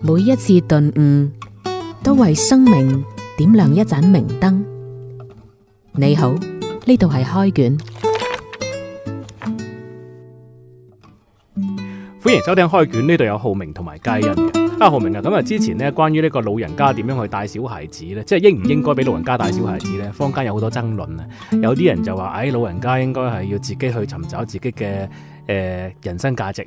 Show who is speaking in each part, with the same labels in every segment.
Speaker 1: 每一次頓悟，都為生命點亮一盞明燈。你好，呢度係開卷，歡迎收聽開卷。呢度有浩明同埋佳欣嘅啊，浩明啊，咁、嗯、啊，之前呢，關於呢個老人家點樣去帶小孩子呢？即係應唔應該俾老人家帶小孩子呢？坊間有好多爭論啊。有啲人就話，唉、哎，老人家應該係要自己去尋找自己嘅誒、呃、人生價值。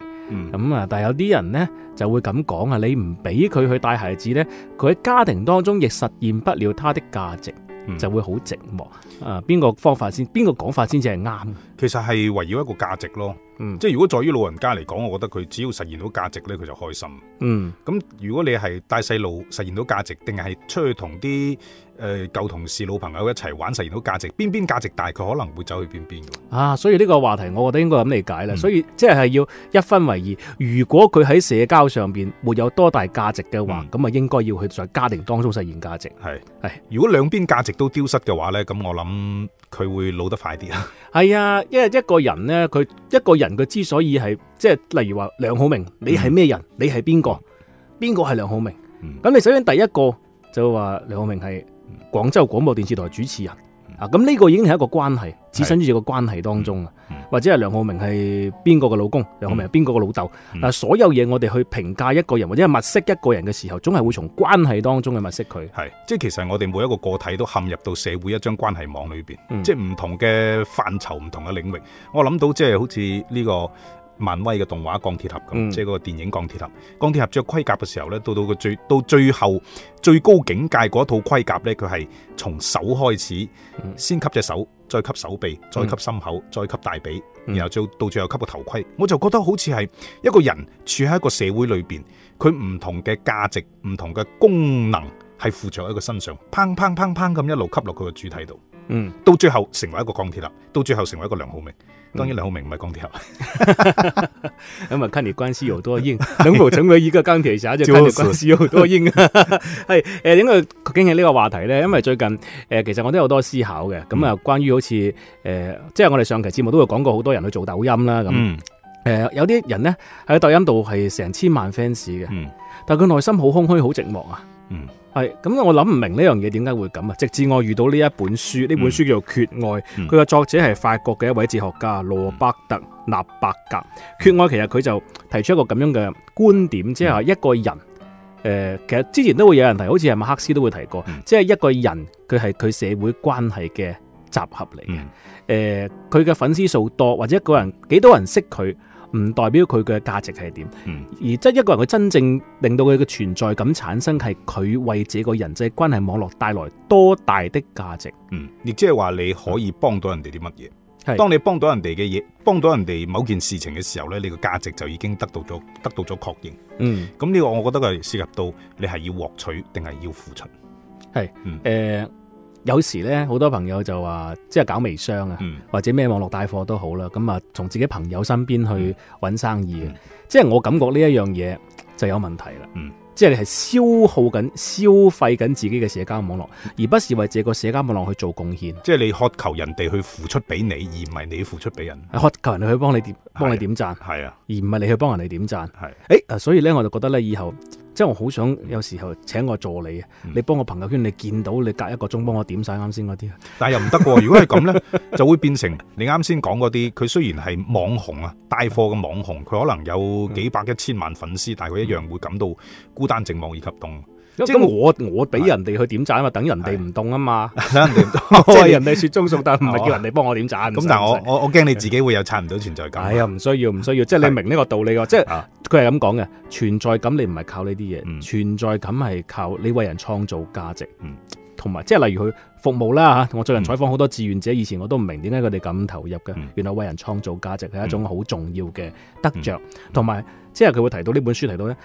Speaker 1: 咁啊，嗯、但係有啲人呢，就會咁講啊，你唔俾佢去帶孩子呢，佢喺家庭當中亦實現不了他
Speaker 2: 的價值，就會好寂寞，嗯、啊。邊個方法先？邊個講法先至係啱？嗯其實係圍繞一個價值咯，即係、嗯、如果在於老人家嚟講，我覺得佢只要實現到價值咧，佢就開心。嗯，咁如果你係帶細路實現到價值，定係出去同啲誒舊同事、老朋友一齊玩實現到價值，邊邊價值大，佢可能會走去邊邊。
Speaker 1: 啊，所以呢個話題，我覺得應該咁理解啦。嗯、所以即係、就是、要一分為二。如果佢喺社交
Speaker 2: 上邊沒有多大價值嘅話，咁啊、嗯、應該要去在家庭當中實現價值。係係，如果兩邊價值都丟失嘅話咧，咁我諗。佢會老得快啲啊！係啊，因為一個人呢，佢一個人佢之所以係即係，就是、例如話梁浩明，你係咩人？嗯、你
Speaker 1: 係邊個？邊個係梁浩明？咁、嗯、你首先第一個就話梁浩明係廣州廣播電視台主持人、嗯、啊！咁呢個已經係一個關係，置身於個關係當中啊。嗯嗯嗯或者係梁浩明係邊個嘅老公，梁浩明係邊個嘅老豆。嗱，所有嘢我哋去評價一個人或者係物色一個人嘅時候，總係會從關係當中嘅物色佢。
Speaker 2: 係，即係其實我哋每一個個體都陷入到社會一張關係網裏邊。即係唔同嘅範疇、唔同嘅領域。我諗到即係好似呢個漫威嘅動畫《鋼鐵俠》咁，即係嗰個電影《鋼鐵俠》。鋼鐵俠着盔甲嘅時候咧，到到個最到最後最高境界嗰套盔甲咧，佢係從手開始先吸隻手。再吸手臂，再吸心口，再吸大髀，然後再到最後吸個頭盔， 我就覺得好似係一個人處喺一個社會裏邊，佢唔同嘅價值、唔同嘅功能係附着喺佢身上，砰砰砰咁一路吸落佢個主體度。 嗯，到最後成為一個鋼鐵俠，到最後成為一個梁浩明，當然梁浩明唔係鋼鐵俠，咁 啊、 嗯，看你關係有多硬，能否成
Speaker 1: 為一個鋼鐵俠就睇你關係有多硬啊。係誒，點解經起呢個話題咧？因為最近誒，其實我都有多思考嘅，咁、嗯、啊，關於好似誒，即係我哋上期節目都有講過，好多人去做抖音啦，咁誒，有啲人咧喺抖音度係成千萬 fans 嘅，但佢內心好空虛，好寂寞啊。係咁，我諗唔明呢樣嘢點解會咁啊！直至我遇到呢一本書，呢、嗯、本書叫做《缺愛》，佢個、嗯、作者係法國嘅一位哲學家羅伯特納伯格。缺愛其實佢就提出一個咁樣嘅觀點，即、就、係、是、一個人誒、呃，其實之前都會有人提，好似係馬克思都會提過，嗯、即係一個人佢係佢社會關係嘅集合嚟嘅。誒、嗯，佢嘅、呃、粉絲數多，或者一個人幾多人識佢？唔代表佢嘅價值係點，嗯、而即係一個人佢真正令到佢嘅存在感產生，係佢為自己個人際關係網絡帶來
Speaker 2: 多大的價值，嗯，亦即係話你可以幫到人哋啲乜嘢，係、嗯，當你幫到人哋嘅嘢，幫到人哋某件事情嘅時候咧，你個價值就已經得到咗得到咗確認，嗯，咁呢、嗯、個我覺得係涉及到你係要獲取定係要付出，係是，嗯，誒、
Speaker 1: 呃。有時咧，好多朋友就話，即係搞微商啊，嗯、或者咩網絡帶貨都好啦。咁啊，從自己朋友身邊去搵生意，嗯、即係我感覺呢一樣嘢就有問題啦。嗯、即係你係消耗緊、消費緊自己嘅社交網絡，而不是為這個社交網絡去做貢獻。
Speaker 2: 即係你渴求人哋去付出俾你，而唔係你付出俾
Speaker 1: 人。渴求人哋去幫你點，幫你點讚。係啊，而唔係你去幫人哋點讚。係。誒、欸啊，所以咧，我就覺得咧，以後。即係我好想有時候請個助理，嗯、你幫我朋友圈，你見到你隔一個鐘幫我點晒啱先嗰啲。
Speaker 2: 但係又唔得喎，如果係咁呢， 就會變成你啱先講嗰啲。佢雖然係網紅啊，帶貨嘅網紅，佢可能有幾百、一千萬粉絲，嗯、但係佢一樣會感到孤單而、寂寞以及凍。咁，我我俾人哋去點贊啊嘛，等人哋唔動啊嘛，人哋唔即係人哋雪中送炭，唔係叫人哋幫我點贊。咁但我我我驚你自己會有撐唔到存在感。係啊，
Speaker 1: 唔需要唔需要，即係你明呢個道理㗎。即係佢係咁講嘅，存在感你唔係靠呢啲嘢，存在感係靠你為人創造價值。同埋即係例如佢服務啦嚇。我最近採訪好多志願者，以前我都唔明點解佢哋咁投入嘅，原來為人創造價值係一種好重要嘅得着。同埋即係佢會提到呢本書提到咧，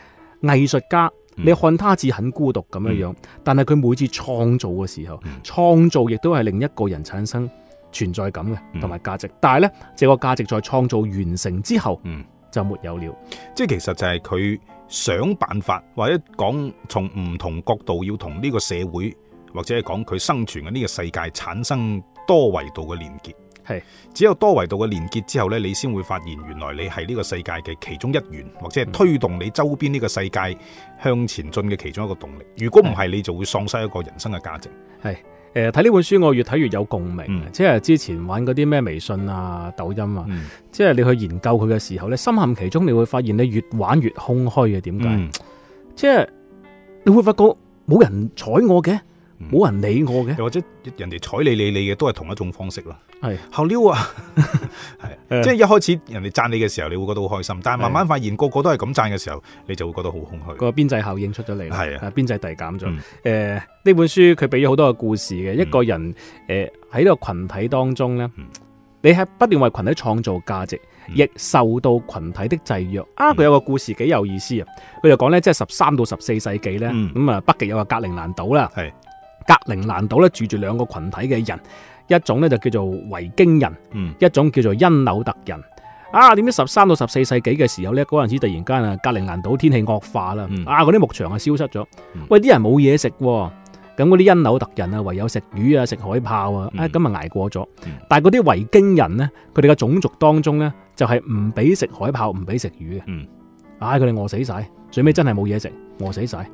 Speaker 1: 藝術家。你看他字很孤獨咁樣樣，嗯、但係佢每次創造嘅時候，嗯、創造亦都係令一個人產生存在感嘅同埋價值。嗯、但係呢，這
Speaker 2: 個價值在創造完成之後，嗯、就沒有了。即係其實就係佢想辦法，或者講從唔同角度要同呢個社會，或者係講佢生存嘅呢個世界產生多維度嘅連結。係是只有多維度嘅連結之後咧，你先會發現原來你係呢個世界嘅其中一員，或者係推動你周邊呢個世界向前進嘅其中一個動力。如果唔係，你就會喪失一個人生嘅價值。係誒，睇、呃、呢本書，我越睇越有共鳴。嗯、即係之前玩嗰啲咩微信啊、抖
Speaker 1: 音啊，嗯、即係你去研究佢嘅時候咧，深陷其中，你會發現你越玩越空虛嘅。點解？嗯、即係你會發覺冇人睬我嘅。冇人理
Speaker 2: 我嘅，或者人哋睬你，理你嘅都係同一種方式咯。係後溜啊，係即係一開始人哋贊你嘅時候，你會覺得好開心。但係慢慢發現個個都係咁贊嘅時候，你就會覺得好空虛。個邊際效應出咗嚟，係啊，邊際遞減咗。誒，呢本書佢俾咗好多個
Speaker 1: 故事嘅，一個人誒，喺呢個群體當中咧，你係不斷為群體創造價值，亦受到群體的制約啊。佢有個故事幾有意思啊。佢就講咧，即係十三到十四世紀咧，咁啊，北極有個格陵蘭島啦，係。格陵蘭島咧住住兩個群體嘅人，一種咧就叫做維京人，嗯，一種叫做因紐特人。啊，點知十三到十四世紀嘅時候咧，嗰陣時突然間啊，格陵蘭島天氣惡化啦，啊，嗰啲牧場啊消失咗，喂，啲人冇嘢食，咁嗰啲因紐特人啊，唯有食魚啊，食海豹啊，啊，咁咪挨過咗，但係嗰啲維京人呢，佢哋嘅種族當中呢，就係唔俾食海豹，唔俾食魚嘅，唉，佢哋餓死晒，最尾真係冇嘢食，餓死晒，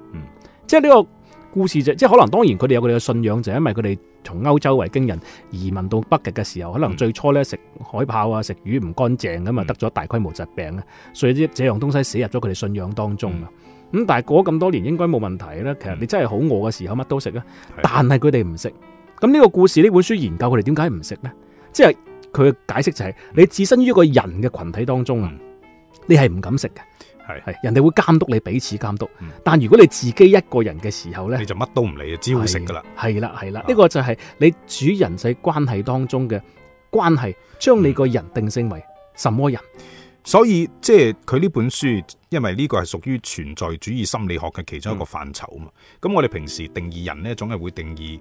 Speaker 1: 即係呢個。故事就即係可能，當然佢哋有佢哋嘅信仰，就係因為佢哋從歐洲維京人移民到北極嘅時候，可能最初咧食海豹啊、食魚唔乾淨，咁啊，得咗大規模疾病啊，所以呢這樣東西寫入咗佢哋信仰當中啊。咁、嗯嗯、但係過咗咁多年，應該冇問題啦。其實你真係好餓嘅時候，乜都食啊，但係佢哋唔食。咁呢個故事呢本書研究佢哋點解唔食呢？即係，佢嘅解釋就係、是，你置身於一個人嘅群體當中啊，嗯、你係唔敢食嘅。係人哋會監督你，彼此監督。嗯、但如果你自己一個人嘅時候呢，你就乜都唔理，只會食噶啦。係啦係啦，呢的個就係你主人際關係當中嘅關係，將你個人定
Speaker 2: 性為什麼人？嗯、所以即係佢呢本書，因為呢個係屬於存在主義心理學嘅其中一個範疇啊嘛。咁、嗯、我哋平時定義人呢，總係會定義誒、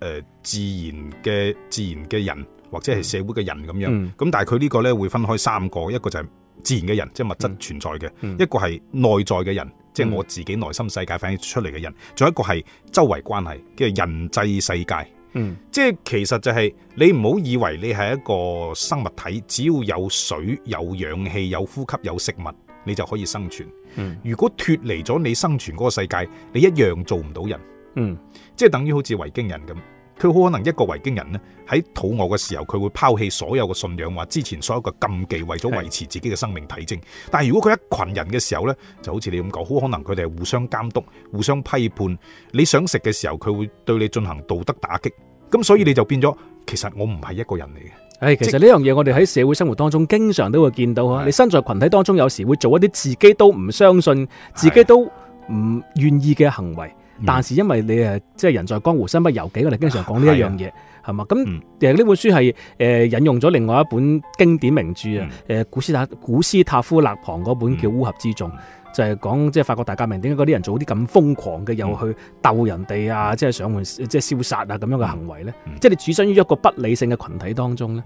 Speaker 2: 呃、自然嘅自然嘅人，或者係社會嘅人咁樣。咁、嗯、但係佢呢個呢會分開三個，一個就係、是。自然嘅人，即係物質存在嘅，嗯，一個係內在嘅人，即係我自己內心世界反映出嚟嘅人，仲，嗯，有一個係周圍關係，即係人際世界。嗯，即係其實就係你唔好以為你係一個生物體，只要有水、有氧氣、有呼吸、有食物，你就可以生存。嗯，如果脫離咗你生存嗰個世界，你一樣做唔到人。嗯，即係等於好似維京人咁。佢好可能一個維京人呢，喺肚餓嘅時候，佢會拋棄所有嘅信仰，話之前所有嘅禁忌，為咗維持自己嘅生命體徵。是的 但係如果佢一群人嘅時候呢，就好似你咁講，好可能佢哋係互相監督、互相批判。你想食嘅時候，佢會對你進行道德打擊。咁所以你就變咗，嗯、其實我唔係一個人嚟嘅。其實呢樣嘢我哋喺社會生活
Speaker 1: 當中經常都會見到啊。是的 你身在群體當中，有時會做一啲自己都唔相信、自己都唔願意嘅行為。但是因為你誒，即係人在江湖身不由己，我哋經常講呢一樣嘢，係嘛、啊？咁、啊嗯、其實呢本書係誒、呃、引用咗另外一本經典名著啊，誒、嗯呃、古斯塔古斯塔夫勒旁嗰本叫《烏合之眾》，就係、是、講即係法國大革命點解嗰啲人做啲咁瘋狂嘅，又去鬥人哋啊，即、就、係、是、上門即係消殺啊咁樣嘅行為咧，嗯嗯、即係你處身於一個不理性嘅群體當中咧，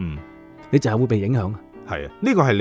Speaker 1: 你就係會被影響。
Speaker 2: 係啊，呢個係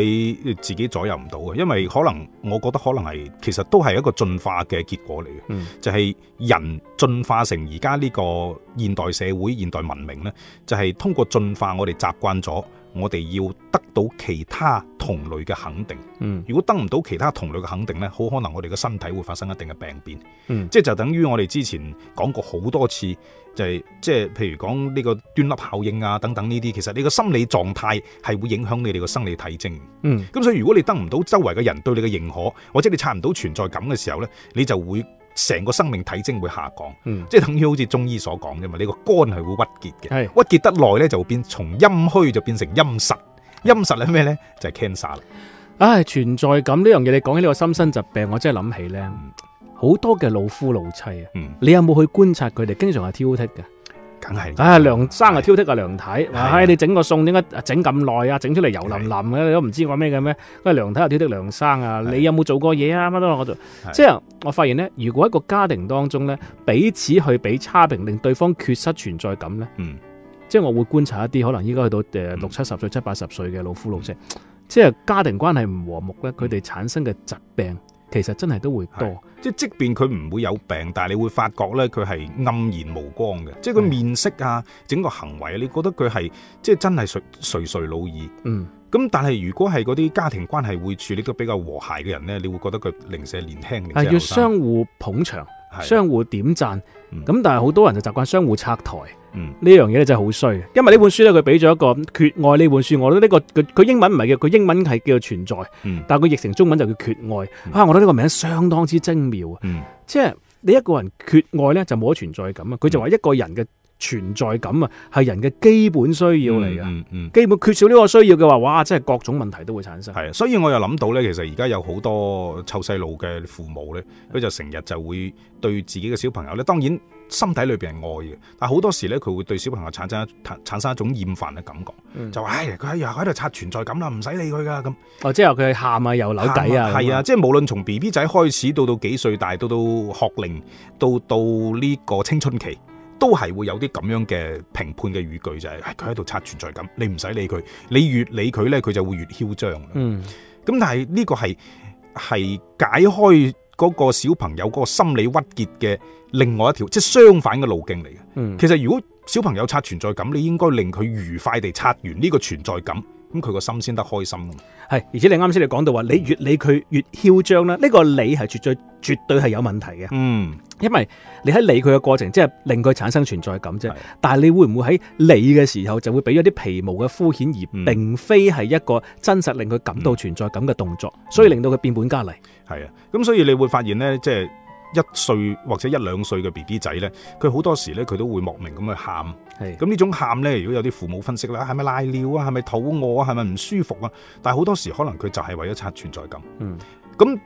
Speaker 2: 你自己左右唔到嘅，因為可能我覺得可能係其實都係一個進化嘅結果嚟嘅，嗯、就係人進化成而家呢個現代社會、現代文明呢，就係通過進化，我哋習慣咗，我哋要得到其他同類嘅肯定。嗯，如果得唔到其他同類嘅肯定呢，好可能我哋嘅身體會發生一定嘅病變。嗯，即係就等於我哋之前講過好多次。就係即係，譬如講呢個端粒效應啊，等等呢啲，其實你個心理狀態係會影響你哋個生理體徵。嗯，咁所以如果你得唔到周圍嘅人對你嘅認可，或者你襯唔到存在感嘅時候咧，你就會成個生命體徵會下降。嗯，即係等於好似中醫所講啫嘛，你個肝係會鬱結嘅，係鬱是結得耐咧就會變從陰虛就變成陰實，陰實係咩咧就係、是、cancer 啦。唉，存在感呢樣嘢你講起呢個心身疾病，我真係諗起咧。
Speaker 1: 嗯好多嘅老夫老妻啊，嗯、你有冇去觀察佢哋？經常係挑剔㗎，梗係。啊、哎，梁生啊挑剔啊梁太，哇！你整個餸點解整咁耐啊？整出嚟油淋淋嘅，的你都唔知我咩嘅咩？啊，梁太又挑剔梁生的有有啊！你有冇做過嘢啊？乜都話我做。的即係我發現呢，如果一個家庭當中呢，彼此去俾差評，令對方缺失存在感呢的，即係我會觀察一啲可能依家去到六七十歲、七八十歲嘅老夫老妻的，即係家庭關係唔和睦咧，佢哋產生嘅疾病。其實真係都會多，
Speaker 2: 即係即，即，即便佢唔會有病，但係你會發覺咧，佢係黯然無光嘅，嗯、即係佢面色啊，整個行為啊，你覺得佢係即係真係垂垂垂老矣。嗯，咁但係如果係嗰啲家庭關係會處理得比較和諧嘅人咧，你會覺得佢零舍年輕。係、啊、要相
Speaker 1: 互捧場。相互點贊咁，嗯、但係好多人就習慣相互拆台。呢樣嘢咧真係好衰。因為呢本書咧，佢俾咗一個《缺愛》，嗯，呢本書。我覺得呢個佢英文唔係叫，佢英文係叫存在，嗯、但係佢譯成中文就叫缺愛。嗯、啊，我覺得呢個名相當之精妙。嗯、即係你一個人缺愛咧，就冇得存在感。啊、嗯。佢就話一個人嘅。存在感啊，係人嘅基本需要嚟嘅，基本缺少呢個需要嘅話，哇，即係各種問題都會產
Speaker 2: 生。係啊，所以我又諗到咧，其實而家有好多湊細路嘅父母咧，佢就成日就會對自己嘅小朋友咧，當然心底裏邊係愛嘅，但好多時咧，佢會對小朋友產生產生一種厭煩嘅感覺，就話唉，佢又喺度刷存在感啦，唔使理佢噶咁。哦，即係佢喊啊，又扭計啊，係啊，即係無論從 BB 仔開始到到幾歲大，到到學齡，到到呢個青春期。都係會有啲咁樣嘅評判嘅語句，就係佢喺度刷存在感，你唔使理佢，你越理佢呢，佢就會越囂張。嗯，咁但係呢個係係解開嗰個小朋友嗰個心理鬱結嘅另外一條，即係相反嘅路徑嚟嘅。嗯，其實如果小朋友刷存在感，你應該令佢愉快地刷完呢個存在感，咁佢個心先得開心。係，而且你啱先你講到話，你越理佢越囂張啦。呢、嗯、個理係絕對
Speaker 1: 絕對係有問題嘅。嗯，因為你喺理佢嘅過程，即係令佢產生存在感啫。的但係你會唔會喺理嘅時候，就會俾咗啲皮毛嘅敷衍，而並非係一個
Speaker 2: 真實令佢感到存在感嘅動作，嗯、所以令到佢變本加厲。係啊，咁所以你會發現咧，即係。一歲或者一兩歲嘅 B B 仔呢，佢好多時呢，佢都會莫名咁去喊。係咁呢種喊呢，如果有啲父母分析啦，係咪瀨尿啊，係咪肚餓啊，係咪唔舒服啊？但係好多時可能佢就係為咗刷存在感。嗯。咁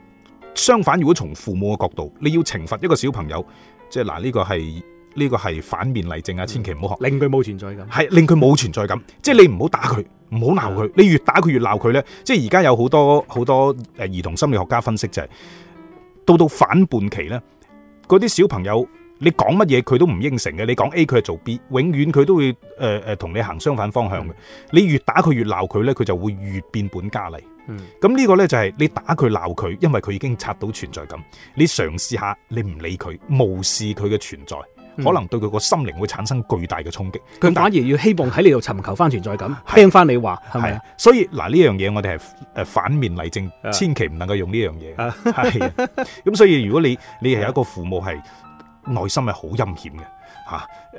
Speaker 2: 相反，如果從父母嘅角度，你要懲罰一個小朋友，即係嗱，呢、呢個係呢、呢個係反面例證啊，千祈唔好學。嗯、令佢冇存在感，係令佢冇存在感，即係你唔好打佢，唔好鬧佢，的你越打佢越鬧佢呢。即係而家有好多好多誒，兒童心理學家分析就係、是。到到反叛期呢，嗰啲小朋友你講乜嘢佢都唔應承嘅，你講 A 佢係做 B，永遠佢都會誒誒同你行相反方向嘅。嗯、你越打佢越鬧佢呢，佢就會越變本加厲。咁呢、嗯、個呢，就係你打佢鬧佢，因為佢已經刷到存在感。你嘗試下你唔理佢，無視佢嘅存在。可能對佢個心靈會產生巨大嘅衝擊，佢、嗯、但反而要希望喺你度尋求翻存在感，是聽翻你話係咪啊？所以嗱呢樣嘢我哋係誒反面例證，千祈唔能夠用呢樣嘢。係咁， 所以如果你你係一個父母係內心係好陰險嘅。嚇！誒、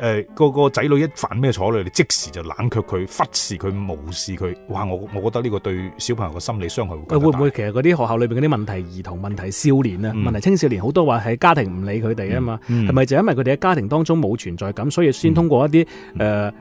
Speaker 2: 啊、個個仔女一犯咩錯咧，你即時就冷卻佢、忽視佢、無視佢。哇！我我覺得呢個對小朋友嘅心理傷害會誒
Speaker 1: 會唔會，其實嗰啲學校裏邊嗰啲問題兒童、問題少年啊、嗯、問題青少年，好多話係家庭唔理佢哋啊嘛，係咪、嗯、就因為佢哋喺家庭當中冇存在感，所以先通過一啲誒嗯呃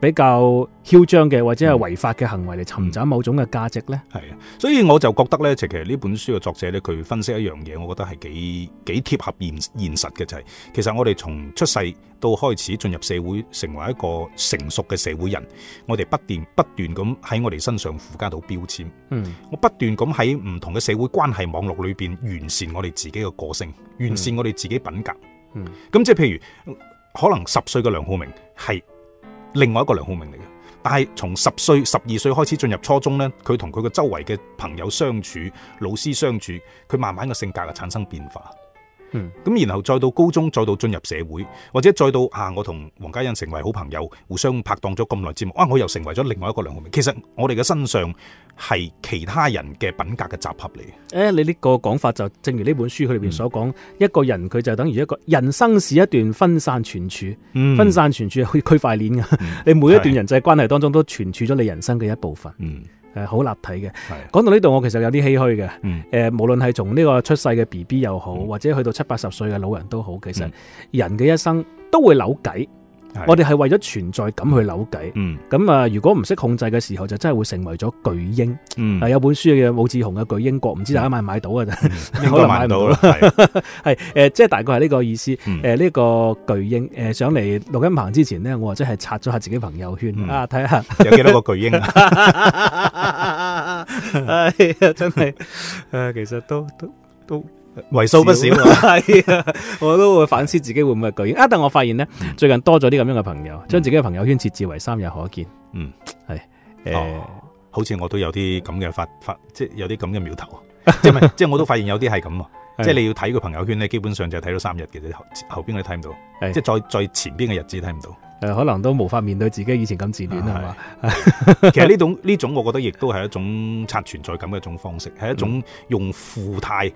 Speaker 1: 比較囂張嘅或者係違法嘅行為嚟尋找某種嘅價值呢？係啊，
Speaker 2: 所以我就覺得呢，其實呢本書嘅作者呢，佢分析一樣嘢，我覺得係幾幾貼合現現實嘅，就係、是，其實我哋從出世到開始進入社會，成為一個成熟嘅社會人，我哋不斷不斷咁喺我哋身上附加到標籤。嗯，我不斷咁喺唔同嘅社會關係網絡裏邊完善我哋自己嘅個性，完善我哋自己品格。嗯，咁、嗯、即係譬如可能十歲嘅梁浩明係。另外一個梁浩明嚟嘅。但係從十歲、十二歲開始進入初中咧，佢同佢嘅周圍嘅朋友相處、老師相處，佢慢慢嘅性格啊產生變化。嗯，咁然後再到高中，再到進入社會，或者再到啊，我同黃嘉欣成為好朋友，互相拍檔咗咁耐節目，哇、啊！我又成為咗另外一個梁浩明。其實我哋嘅身上係其他人嘅品格嘅集合嚟。
Speaker 1: 誒、哎，你呢個講法就正如呢本書佢裏邊所講，嗯、一個人佢就等於一個人生是一段分散存儲，嗯、分散存儲係去區塊鏈噶。嗯、 你每一段人際關係當中都存儲咗你人生嘅一部分。嗯誒，好、呃、立體嘅。講的到呢度，我其實有啲唏噓嘅。誒、嗯呃，無論係從呢個出世嘅 BB 又好，嗯、或者去到七八十歲嘅老人都好，其實人嘅一生都會扭計。我哋係為咗存在感去扭計，咁啊、嗯、如果唔識控制嘅時候，就真係會成為咗巨嬰。嗯、有本書嘅武志紅嘅《巨嬰國》，唔知大家買唔買到啊？應該、嗯、買唔到啦。係誒的，即係 大概係呢個意思。誒、嗯，呢個巨嬰誒，上嚟錄音棚之前呢，我即係刷咗下自己朋友圈、嗯、啊，睇下有幾多個巨嬰啊！ 哎、
Speaker 2: 真係誒，其實都都都。都為數不少，係
Speaker 1: 我都會反思自己會唔會巨變。啊，但我發現呢，最近多咗啲咁樣嘅朋友，將自己嘅朋友圈設置為三日可見。嗯，
Speaker 2: 係，誒，好似我都有啲咁嘅發發，即有啲咁嘅苗頭。即係我都發現有啲係咁啊。即係你要睇個朋友圈呢，基本上就睇到三日嘅啫，後後邊你睇唔到。即係再再前邊嘅日子睇唔到。
Speaker 1: 可能都無法面對自己以前咁自戀，係嘛。
Speaker 2: 其實呢種呢種，我覺得亦都係一種刷存在感嘅一種方式，係一種用負態。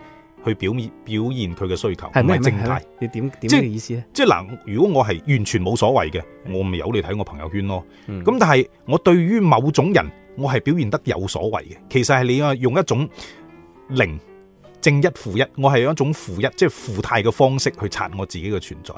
Speaker 2: 去表表現佢嘅需求，唔係嗎正態。你
Speaker 1: 點點即係意思咧？即
Speaker 2: 係嗱，如果我係完全冇所謂嘅，我咪由你睇我朋友圈咯。咁、嗯、但係我對於某種人，我係表現得有所謂嘅。其實係你啊用一種零、正一、負一，我係用一種負一，即係負態嘅方式去刷我自己嘅存在。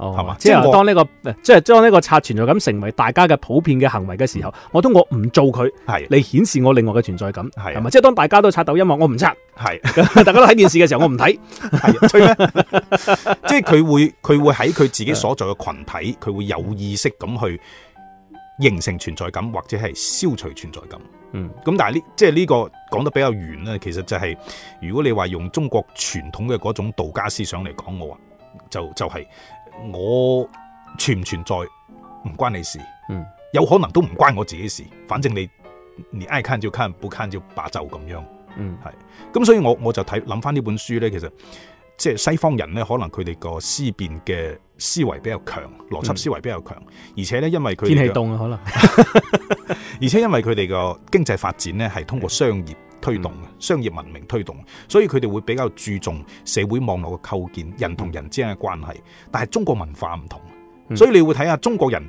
Speaker 2: 係嘛？哦、嗎即係當
Speaker 1: 呢、這個，我即係將呢個刷存在感成為大家嘅普遍嘅行為嘅時候，我通過我唔做佢，係的，嚟顯示我另
Speaker 2: 外嘅存在感，係係嘛？即係
Speaker 1: 當大家都刷抖音啊，我唔刷，係是的， 大家都睇電視嘅時候，我唔睇，係， 即
Speaker 2: 係佢會佢會喺佢自己所在嘅群體，佢會有意識咁去形成存在感，或者係消除存在感。嗯，咁、嗯、但係呢，即係呢個講得比較遠啦。其實就係如果你話用中國傳統嘅嗰種道家思想嚟講我。就就係、是、我存唔存在唔關你事，嗯，有可能都唔關我自己事，反正你你 account 要 a c 罷就咁樣，嗯，係，咁所以我我就睇諗翻呢本書咧，其實即係西方人咧，可能佢哋個思辨嘅思維比較強，邏輯思維比較強，嗯、而且咧因為佢哋天氣凍啊，可能， 而且因為佢哋個經濟發展咧係通過商業。嗯推動商業文明推動，所以佢哋會比較注重社會網絡嘅構建，人同人之間嘅關係。但係中國文化唔同，所以你會睇下中國人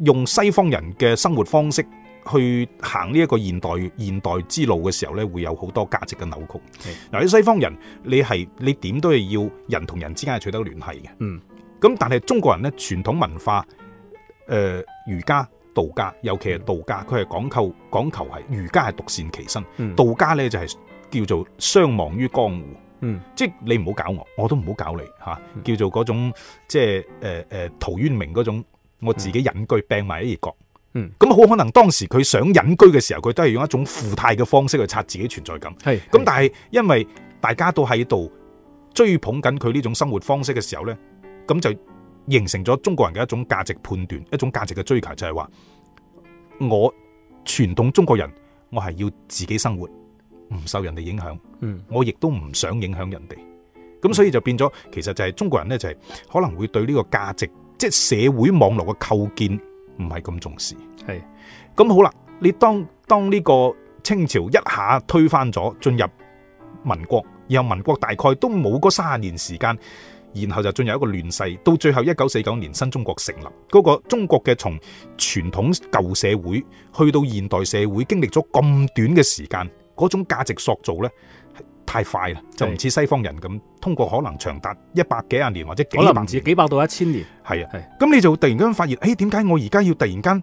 Speaker 2: 用西方人嘅生活方式去行呢一個現代現代之路嘅時候呢，會有好多價值嘅扭曲。嗱是，西方人，你係你點都係要人同人之間係取得聯繫嘅。嗯，咁但係中國人呢，傳統文化誒，呃，儒家。道家，尤其係道家，佢係講求講求係儒家係獨善其身，嗯、道家咧就係、是、叫做相忘於江湖。嗯，即係你唔好搞我，我都唔好搞你吓、啊，叫做嗰種即係誒誒陶淵明嗰種，我自己隱居病一角，病埋喺異國。嗯，咁好可能當時佢想隱居嘅時候，佢都係用一種附態嘅方式去刷自己存在感。係、嗯，咁但係因為大家都喺度追捧緊佢呢種生活方式嘅時候咧，咁就。形成咗中國人嘅一種價值判斷，一種價值嘅追求，就係話我傳統中國人，我係要自己生活，唔受人哋影響。嗯，我亦都唔想影響人哋。咁所以就變咗，其實就係中國人呢，就係可能會對呢個價值，即係社會網絡嘅構建唔係咁重視。係，咁好啦，你當當呢個清朝一下推翻咗，進入民國，然後民國大概都冇嗰三年時間。然後就進入一個亂世，到最後一九四九年新中國成立，嗰個中國嘅從傳統舊社會去到現代社會，經歷咗咁短嘅時間，嗰種價值塑造呢太快啦，就唔似西方人咁通過可能長達一百幾廿年或者幾百幾百到一千年係啊。咁的的你就突然間發現，誒、哎，點解我而家要突然間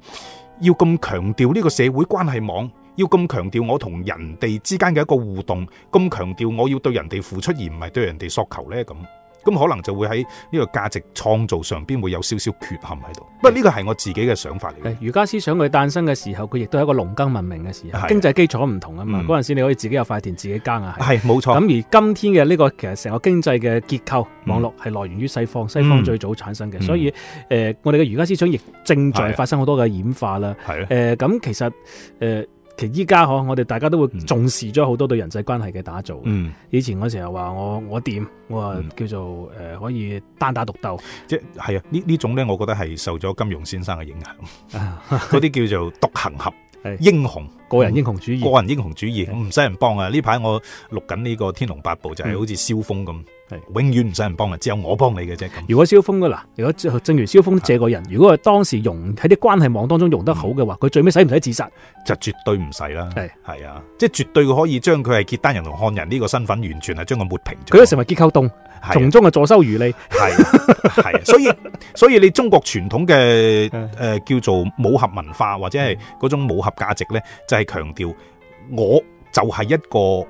Speaker 2: 要咁強調呢個社會關係網，要咁強調我同人哋之間嘅一個互動，咁強調我要對人哋付出而唔係對人哋索求呢？」咁？咁可能就會喺呢個價值創造上邊會有少少缺陷喺度。不過呢個係我自己嘅想法嚟嘅。儒家思想佢誕生嘅時候，佢亦都係一個農耕文明嘅時候，啊、經濟基
Speaker 1: 礎唔同啊嘛。嗰陣、嗯、時你可以自己有塊田自己耕啊。係冇錯。咁而今天嘅呢、這個其實成個經濟嘅結構網絡係、嗯、來源於西方，西方最早產生嘅，嗯、所以誒、嗯呃，我哋嘅儒家思想亦正在發生好多嘅演化啦。係誒咁其實誒。呃其實依家嗬，我哋大家都會重視咗好多對人際關係嘅打造。嗯、以前嗰時候話我我掂，我，我叫做誒、嗯呃、可以單打獨
Speaker 2: 鬥，即係啊呢呢種咧，我覺得係受咗金庸先生嘅影響。嗰啲 叫做獨行俠， 是英雄個人英雄主義，個人英雄主義唔使是人幫啊！呢排我錄緊呢個《天龍八部》，就係、是、好似蕭峰咁。嗯永遠唔使人幫嘅，只有我幫你嘅啫。如果蕭峰嘅嗱，是的 如果正如蕭峰借個人，如果佢當時融喺啲關係網當中用得好嘅話，佢、嗯、最尾使唔使自殺？就絕對唔使啦。係係啊，即係絕對可以將佢係契丹人同漢人呢個身份完全係將佢抹平咗。佢都成為結構洞，從
Speaker 1: 是的 中嘅坐收漁利。
Speaker 2: 係係是的， 所以所以，所以你中國傳統嘅誒、呃、叫做武俠文化或者係嗰種武俠價值咧，就係強調我就係一個。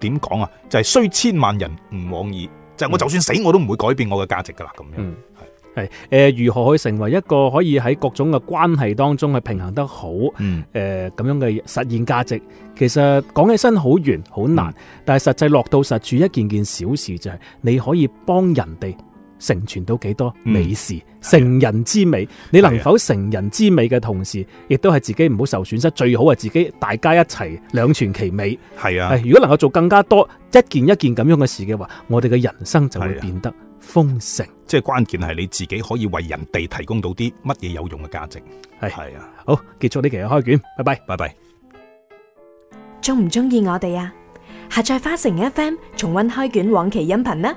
Speaker 2: 點講啊？就係、是、雖千萬人吾往矣，就係、是、我就算死我都唔會改變我嘅價值㗎喇，咁樣
Speaker 1: 係係誒，如何去成為一個可以喺各種嘅關係當中去平衡得好誒、咁、嗯、呃、樣嘅實現價值？其實講起身好遠好難，嗯、但係實際落到實處一件件小事就係你可以幫人哋，成全到幾多美事，嗯、成人之美，啊、你能否成人之美嘅同時，亦都係自己唔好受損失，最好係自己大家一齊兩全其美。係啊，如果能夠做更加多一件一件咁樣嘅事嘅話，我哋嘅
Speaker 2: 人生就會變得豐盛。即係、啊就是、關鍵係你自己可以為人哋提供到啲乜嘢有用嘅價值。係係啊，啊好，結束呢期嘅開卷，拜拜，拜拜。中唔中意我哋啊？下載花城 FM 重温開卷往期音頻啦。